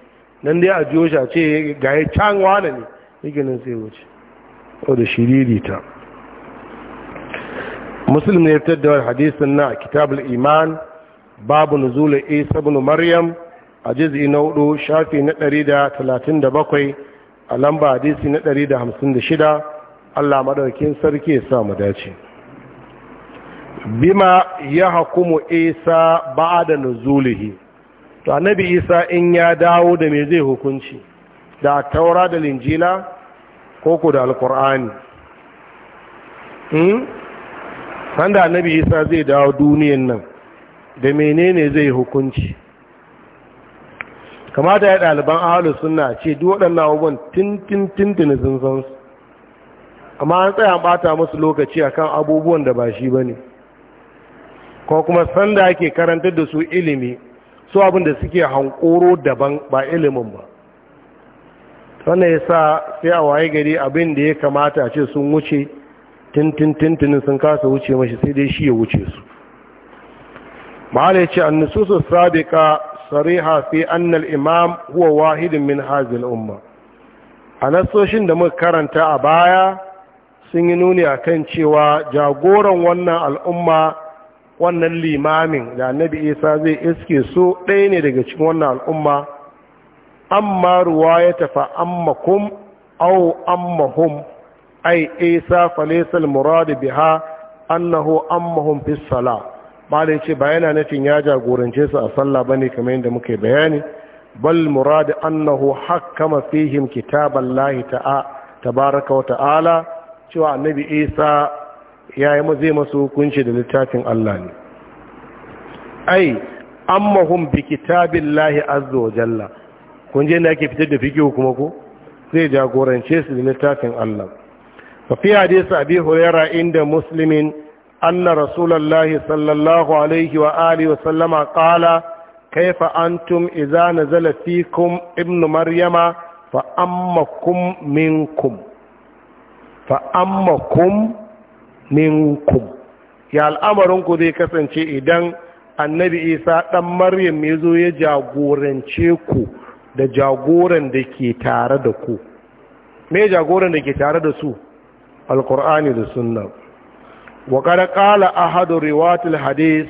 nan dai a jiyo a ce ga ya can wane ne riginin sai wuce o da ta. musulmi ya fitar da wani hadisun na kitabul iman babu nuzula isa bin maryam a jizi na hudu shafi na da da talatin bakwai, a lamba hadisi na da da hamsin shida, allah madaukin sarki ya sa mu dace bima ya hakumu isa ba da nuzulihi to annabi isa in ya dawo da me zai hukunci da taura da linjila ko ku da alkur'ani hmm? sanda annabi isa zai dawo duniyan nan da menene zai hukunci kamata ya ɗaliban ahalus suna ce duk waɗannan abubuwan tintin tin sun san su amma an tsaya ɓata musu lokaci akan abubuwan da ba shi ba ne ko kuma sanda ake karantar da su ilimi su abin da suke hankoro daban ba ilimin ba wannan ya sa sai a waye gari abin da ya kamata a ce sun wuce tintintintinin sun kasa wuce mashi sai dai shi ya wuce su ma'ala ya ce annasusu sabiqa sariha fi annal imam huwa wahidin min hazil umma a nasoshin da muka karanta a baya sun yi nuni a kan cewa jagoran wannan al'umma wannan limamin da annabi isa zai iske so ɗaya ne daga cikin wannan al'umma amma ruwa ya tafa amma kum au amma hum ai isa falisal muradu biha annahu amma hum fi sala da ce ba yana nufin ya jagorance su a sallah ne kamar yadda muke bayani bal muradu annahu hakkama fihim kitaballahi ta'a tabaraka wa ta'ala cewa annabi isa ya yi zai masu hukunci da littafin Allah ne ai ammahum bi kitabin lahi azza wa jalla kun je da ake fitar da fikihu kuma ko zai jagorance su da littafin Allah fa fi hadisi abi hurairah inda muslimin anna rasulullahi sallallahu alaihi wa alihi wa sallama qala kaifa antum idza nazala fikum ibnu maryama fa ammakum minkum fa ammakum minkum ya al'amarinku zai kasance idan annabi isa ɗan maryam ya zo ya jagorance ku da jagoran da ke tare da ku me jagoran da ke tare da su alkur'ani da sunna wa kada qala ahadu riwatil hadith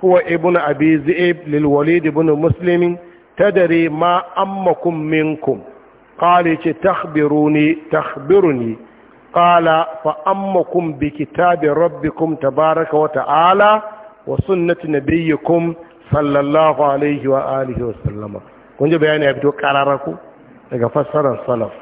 huwa ibn abi zaib lil walid ibn muslim tadari ma ammakum minkum qala ce takhbiruni takhbiruni قال فأمكم بكتاب bi تبارك rabbikum tabaraka wa صلى wa sunnati وآله sallallahu alaihi بيانا alihi wa sallama ji bayani ya fito kararaku daga fassarar salaf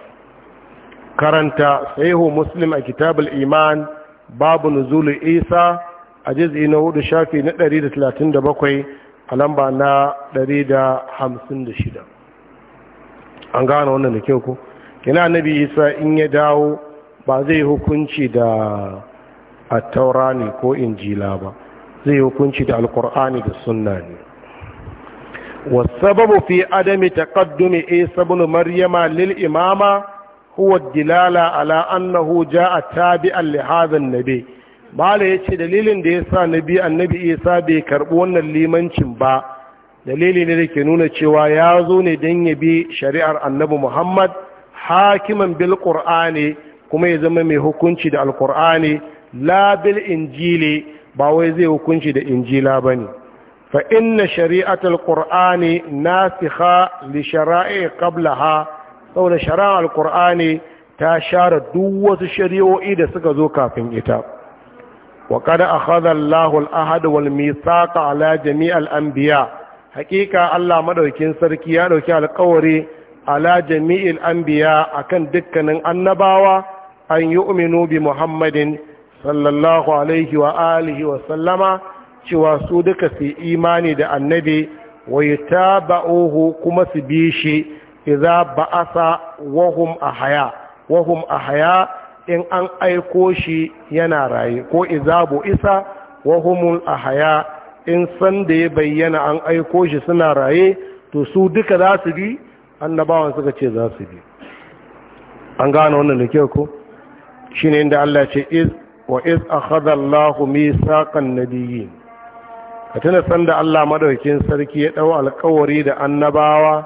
karanta sahihu muslim a kitabul iman babu nuzul isa a juz'i na hudu shafi na 137 a lamba na 156 an gano wannan da kyau ku. kina annabi isa in ya dawo ba zai hukunci da attaura ne ko injila ba zai hukunci da alkur'ani da sunna ne wasababu fi adami taqaddumi isa ibn maryama lil imama huwa dilala ala annahu jaa tabi'an li hadha an-nabi bala yace dalilin da yasa nabi annabi isa bai karbi wannan limancin ba dalili ne da ke nuna cewa ya zo ne don ya bi shari'ar annabi muhammad hakiman bil qur'ani kuma ya zama mai hukunci da alkur'ani labil injili ba wai zai hukunci da injila ba ne fa inna shari'atul qur'ani nasikha li shara'i qablaha saboda shari'ar alkur'ani ta share duk wasu shari'o'i da suka zo kafin ita wa qad akhadha Allahu al-ahad wal mithaqa ala Jami'a al-anbiya haqiqa Allah madaukin sarki ya dauki alƙawari ala jami'il anbiya akan dukkanin annabawa an yi uminu bi muhammadin sallallahu alaihi wa alihi wa sallama cewa su duka su imani da annabi wa yi taba'uhu kuma su bi shi iza ba'asa wahum a haya wahum a haya in an aiko shi yana raye ko iza bu isa wahumun a haya in sanda ya bayyana an aiko shi suna raye to su duka za su bi annabawan suka ce za su bi an gane wannan da kyau ko ne inda Allah ce iz wa iz mai saƙon na nabiyyin ka tuna sanda Allah madaukakin sarki ya ɗau alkawari da annabawa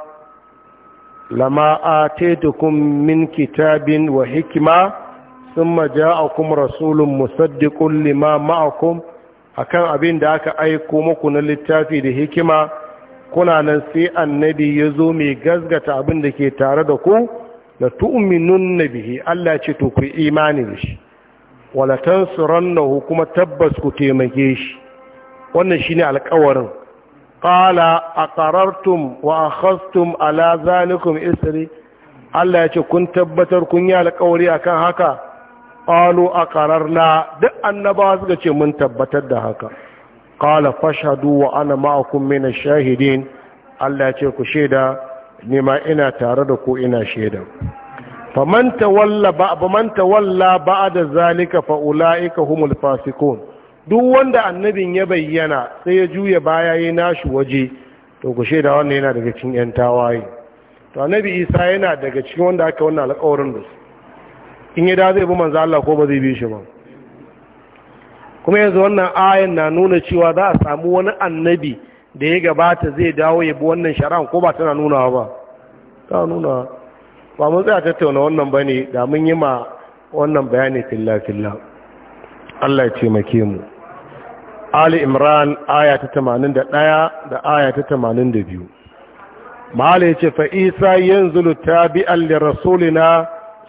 lama a atatukum min kitabin wa hikima sun maja a kuma rasulun musaddiqun lima a kan abin da aka aiko muku na littafi da hikima kuna nan sai annabi ya zo mai gazgata abin da ke tare da ku la tu'minun bihi Allah ce to ku imani da shi wala tansurannahu kuma tabbas ku taimake shi wannan shine alƙawarin qala aqarartum wa akhadhtum ala zalikum isri Allah ya ce kun tabbatar kun yi alƙawari akan haka qalu aqararna duk annabawa suka ce mun tabbatar da haka qala fashhadu wa ana ma'akum min ash-shahidin Allah ya ce ku shaida ma ina tare da ko ina shaida faman tawalla ba da tawalla zalika fa ka humul fasikun duk wanda annabin ya bayyana sai ya juya baya yayin nashi waje to ku shaida wannan yana daga cikin yan tawaye to annabi Isa yana daga cikin wanda aka wannan alƙawarin da su in ya da zai bi manzo Allah ko ba zai bi shi ba kuma yanzu wannan ayan na nuna cewa za a samu wani annabi da ya gabata zai dawo ya bi wannan shari'a ko ba tana nuna ba ta nuna ba mun tsaya tattauna wannan ba ne da mun yi ma wannan bayani filla-filla Allah ya taimake mu Ali Imran aya ta 81 da aya ta 82 Mala ya ce fa Isa yanzulu tabi'an li rasulina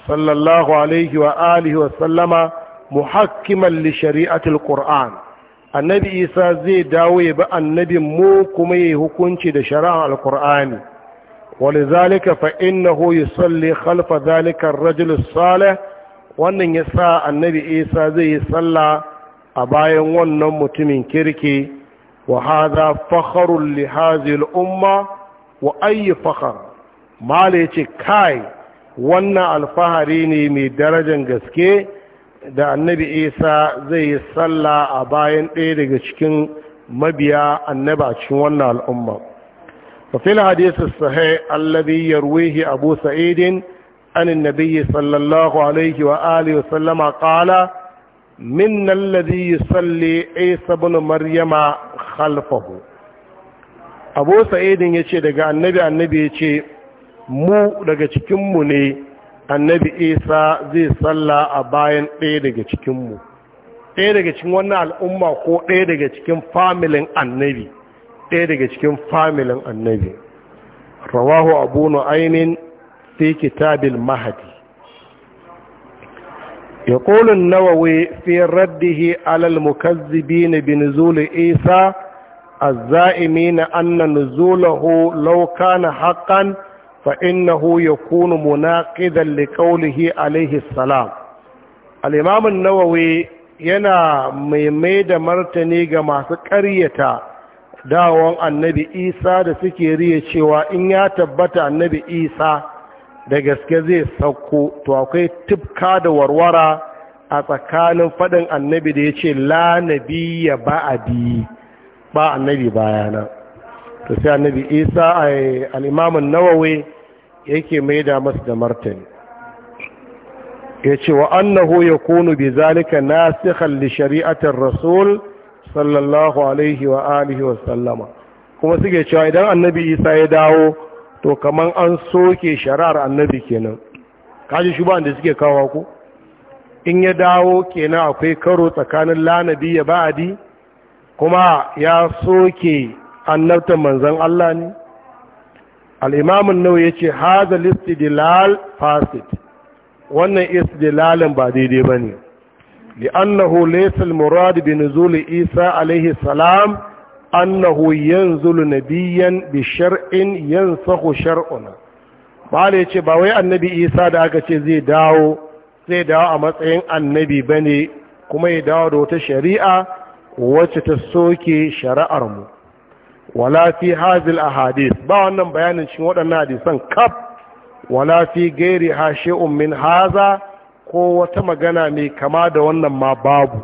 sallallahu alaihi wa alihi wa sallama muhakkiman li shari'atil Qur'an annabi isa zai dawo ya bi annabin mu kuma ya yi hukunci da shari'ar alkur'ani wani zalika fa innahu yusalli khalfa zalika rajul salih wannan ya sa annabi isa zai yi sallah a bayan wannan mutumin kirki wa hadha fakharul li hadhihi umma wa ayyi fakhar mala ce kai wannan alfahari ne mai darajar gaske Da annabi Isa zai yi sallah a bayan ɗaya daga cikin mabiya annabi a cikin wannan al'umma. Fa filhadi ya sassaha al' lafiyar waihi Abu Sa'idu, anan na biyu sallallahu alaihi wa'ala, wa'asalamu a ƙa'a la, min nan lafiyu salli ai sabonin Maryama khalfaho. Abu Sa'idu ya ce daga annabi annabi ya ce mu daga cikinmu ne. annabi isa zai salla a bayan ɗaya daga cikinmu ɗaya daga cikin wannan al'umma ko ɗaya daga cikin familin annabi ɗaya daga cikin familin annabi rawahu abu nu'aymin fi kitabil mahadi ya ƙolin يقول النووي في رده على المكذبين a na annan أن نزوله lauka na haƙan فإنه يكون مناقضا لقوله عليه Alimamin الإمام النووي yana mai mai da martani ga masu ƙaryata dawon annabi isa da suke riya cewa in ya tabbata annabi isa da gaske zai sauko to akwai tufka da warwara a tsakanin faɗin annabi da ya ce la nabiya ba a biyi ba annabi bayana to sai annabi isa al'imamun nawawi yake maida masu da martani ya ce wa annahu ya kunu bi zalika nasikhan li shari'atar rasul sallallahu alaihi wa alihi wa sallama kuma suke cewa idan annabi isa ya dawo to kamar an soke shari'ar annabi kenan kaji shi da suke kawo ku in ya dawo kenan akwai karo tsakanin lanabi ya ba'adi kuma ya soke annabta manzan Allah ne al'imamun nau ya ce haza lal fasit wannan lalin ba daidai ba ne annahu laisal murad bin zuli isa alaihi salam annahu yanzulu nabiyan bi shar'in yansahu shar'una da ya ce ba wai annabi isa da aka ce zai dawo zai dawo a matsayin annabi ba ne kuma ya dawo da wata shari'a wacce ta soke shari'armu wala fi a ahadith ba wannan bayanin cikin waɗannan hadisan kaf wala fi gairi hashi'un min haza ko wata magana mai kama da wannan ma babu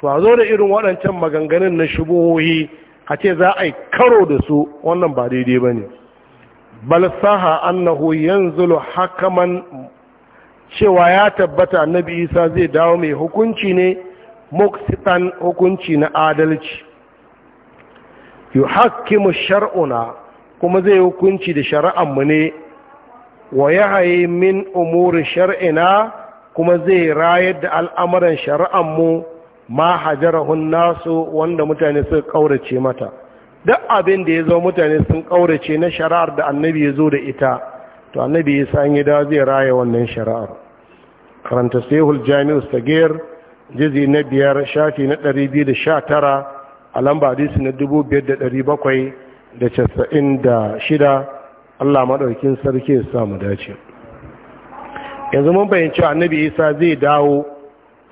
to a zo da irin waɗancan maganganun na shubuhi a ce za a yi karo da su wannan ba daidai ba ne bal saha annahu yanzulu hakaman cewa ya tabbata annabi isa zai dawo mai hukunci ne muksitan hukunci na adalci yuhakkimu shar'una kuma zai hukunci da shari'ar mu ne wa yahyi min umuri shar'ina kuma zai rayar da al'amuran shari'ar mu ma hajarahun nasu wanda mutane suka ƙaurace mata duk abin da ya zo mutane sun ƙaurace na shari'ar da annabi ya zo da ita to annabi ya san ya da zai raya wannan shari'ar karanta sahihul jami'u sagir jizi na biyar shafi na 219 a lamba hadisi na 5796 Allah maɗaukin sarki ya samu dace yanzu mun fahimci annabi isa zai dawo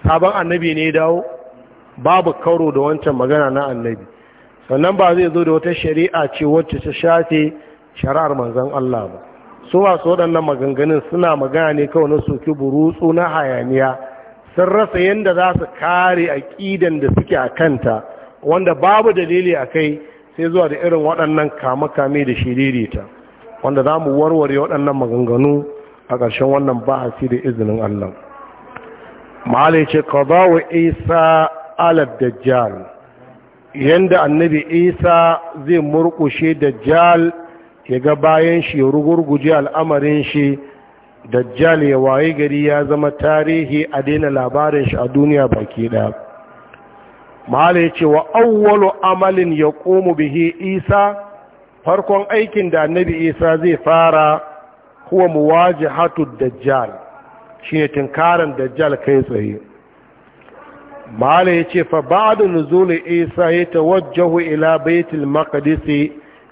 sabon annabi ne dawo babu kauro da wancan magana na annabi sannan ba zai zo da wata shari'a ce wacce ta shafe shari'ar manzan Allah ba su masu waɗannan maganganun suna magana ne kawai na soki burutsu na hayaniya sun rasa yadda za su kare aƙidan da suke a kanta wanda babu dalili a kai sai zuwa da irin waɗannan kame-kame da shiririta wanda za mu warware waɗannan maganganu a ƙarshen wannan ba'asi da izinin Allah mahalai ce ka ba wa isa alad jal yadda annabi isa zai murkushe jal ya ga bayan shi ya rugurguje al'amarin shi da dajjal ya waye gari ya zama tarihi a daina labarin shi a duniya baki ɗaya mahala ya ce wa awwalu amalin ya komu bihi isa farkon aikin da annabi isa zai fara kuwa hatu dajjal shi ne tunkarin dajjal kai tsaye mahala ya ce fa ba da nuzul isa ya tawajjahu ila baitul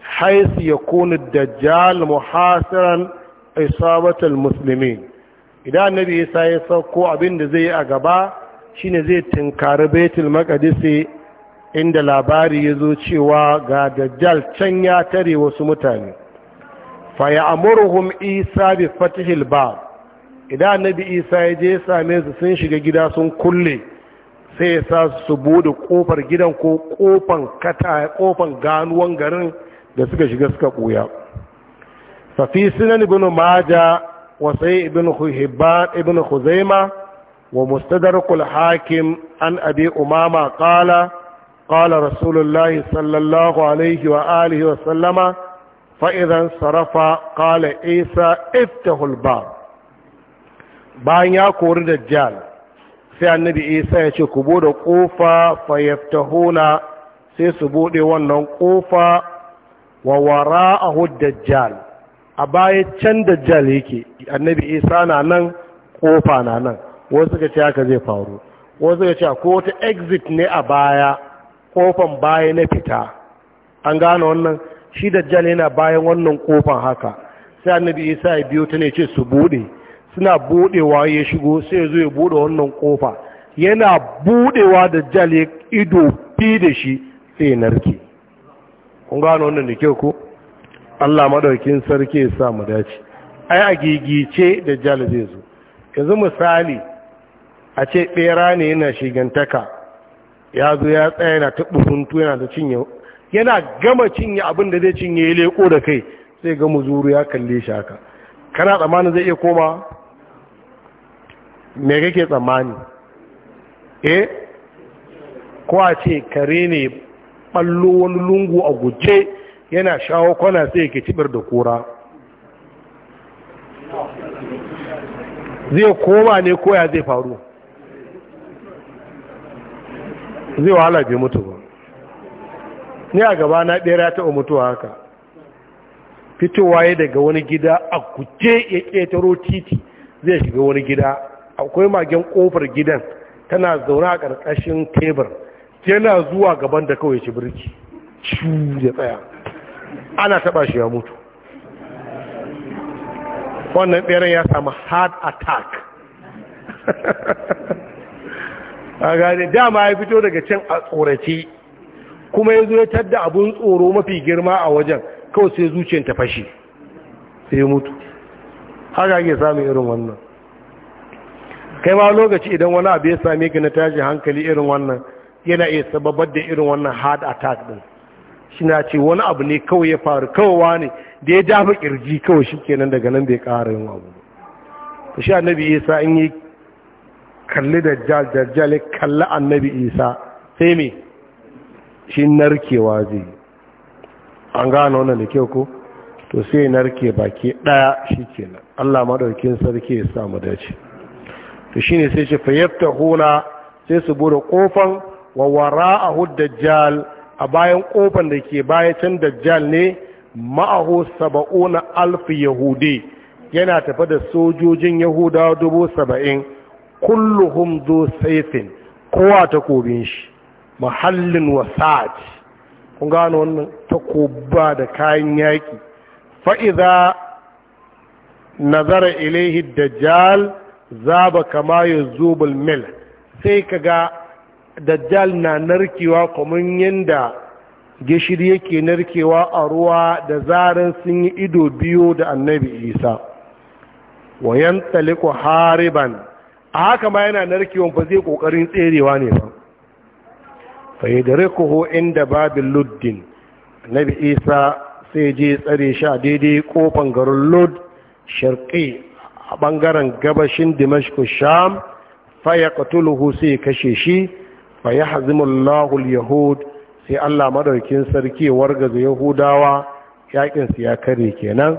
haisu ya kunu dajjal muhasiran isabatal musulmi idan annabi isa ya sauko abin da zai yi a gaba shine zai tinkari baitul maqdisi inda labari ya zo cewa ga dajjal can ya tare wasu mutane fa ya'muruhum isa bi fatihil bab idan annabi isa ya je same su sun shiga gida sun kulle sai ya sa su bude kofar gidan ko kofan kata kofan ganuwan garin da suka shiga suka koya fa fi sunan ibn majah wa sai ibn hibban ومستدرك Hakim عن أبي أمامة قال قال رسول الله صلى الله عليه وآله وسلم فإذا انصرف قال عيسى افتح الباب bayan ya kori dajjal sai annabi isa ya ce ku bude kofa fayaftahuna sai su buɗe wannan kofa wa wara'ahu dajjal a baya can dajjal yake annabi isa na nan kofa na nan wasu ka ce haka zai faru wasu ka ce ko wata exit ne a baya kofan baya na fita an gane wannan shi dajjal yana bayan wannan kofan haka sai annabi isa ya biyo ta ne ce su bude suna budewa ya shigo sai ya zo ya bude wannan kofa yana budewa dajjal ya ido fi da shi sai ya narke kun gano wannan da kyau ko Allah madaukin sarki ya sa mu dace ai agigice dajjal zai zo yanzu misali a ce ɓera ne yana shigantaka ya zo ya tsaya yana taɓa buhuntu yana da cinye yana gama cinye abin da zai cinye ya leko da kai sai gama zuru ya kalle shi haka kana tsammanin zai iya koma me kake tsammani eh ko a ce kare ne ɓallo wani lungu a guje yana shawo kwana sai ke cibar da kura zai koma ne koya zai faru zai wahala bai mutu ba ni a gaba na ya taɓa mutuwa haka fitowa ya daga wani gida a kuce ya ƙetaro titi zai shiga wani gida akwai magen ƙofar gidan tana zaune a ƙarƙashin tebur yana zuwa gaban da kawai shi birki ciwu ya tsaya ana taɓa shi ya mutu wannan ɓeran ya samu hard attack a gane dama ya fito daga can a tsorace kuma ya zo ya tadda abun tsoro mafi girma a wajen kawai sai zuciyar ta fashe sai ya mutu haka ake samun irin wannan kai ma lokaci idan wani abu ya same ka na tashi hankali irin wannan yana iya sababar da irin wannan hard attack din shi na ce wani abu ne kawai ya faru kawai ne da ya dafa kirji kawai shi kenan daga nan bai kara yin abu ta sha annabi isa in yi kalli dajjal dajjal ya kalli annabi isa sai me shi narkewa zai an gano wannan da kyau ko to sai narke baki daya shikenan Allah madaukin sarki ya samu dace to shine sai shi hula, sai su bude kofan wa wara'ahu dajjal a bayan kofan da ke bayacin dajjal ne ma'ahu saba'una alfi yahudi yana tafe da sojojin yahudawa dubu saba'in kulluhum zo saifin kowa takobin shi mahallin wasa'at kun gano wannan takoba da kayan yaƙi fa'iza nazara ilaihi dajjal zaba kama ya zubul mil sai kaga dajjal na narkewa kamar yadda gishiri yake narkewa a ruwa da zarar sun yi ido biyu da annabi isa wayan taliku hariban a haka ma yana narkewan fa zai kokarin tserewa ne fa fa yadrikuhu inda babil luddin nabi isa sai je tsare shi a daidai kofan garin Lud sharqi a bangaren gabashin dimashq sham fa yaqtuluhu sai kashe shi fa yahzimu Allahu alyahud sai Allah madaukin sarki wargaza yahudawa yakin su ya kare kenan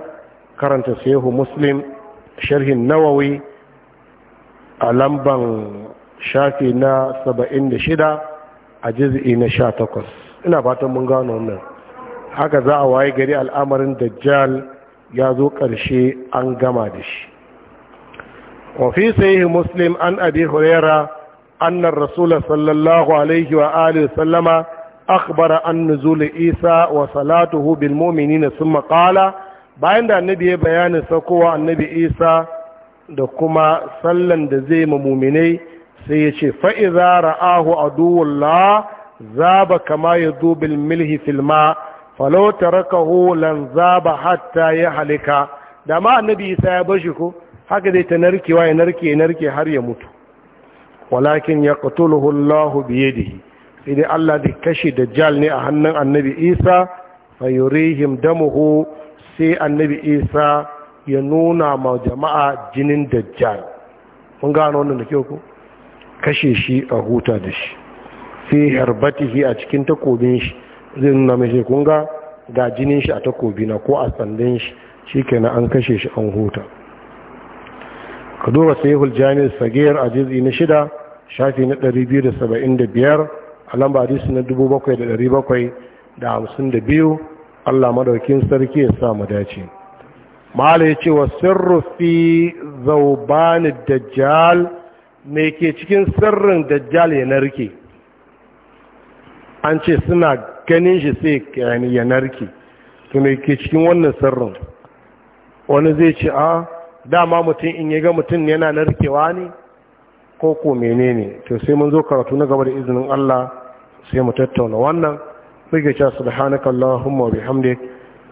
karanta sahihu muslim sharhin nawawi a lamban shafi na 76 a jiz'i na 18 ina fatan mun gano wannan haka za a waye gari al'amarin dajjal ya zo ƙarshe an gama da shi wafi sayi muslim an abi annar rasulun sallallahu alaihi wa alihi sallama akbara an nuzula isa wa salatuhu bil mu'minina sun maƙala. bayan da annabi ya bayanin sakowa annabi isa da kuma sallan da zai mamuminai sai ya ce fa'iza ra'ahu a duwullah zaba kama ya zubin milhi filma falauta raka holan zaba hatta ya halika da ma annabi isa ya bashi ko haka zai ta narkewa ya narke ya narke har ya mutu walakin ya ƙatulhu allahu biye da sai dai allah da kashe dajjal ne a hannun annabi isa fayurihim damuhu sai annabi isa ya nuna ma jama'a jinin dajjal mun gano wannan da kyau ko kashe shi a huta da shi fi harbatihi a cikin takobin shi zai nuna mai kun ga ga jinin shi a takobi na ko a sandan shi shikenan an kashe shi an huta ka duba sahihul jami'ul sagir a juz'i na shida shafi na 275 a lamba hadisi na 7752 Allah madaukin sarki ya sa mu dace mahala ya ce wa sirru fi zaubani dajjal mai ke cikin sirrin dajjal ya narke an ce suna ganin shi sai ya narke to mai ke cikin wannan sirrin wani zai ce a dama mutum in ya ga mutum yana narkewa ne ko ko menene to sai mun zo karatu na gaba da izinin Allah sai mu tattauna wannan muke cewa subhanakallahumma wa bihamdika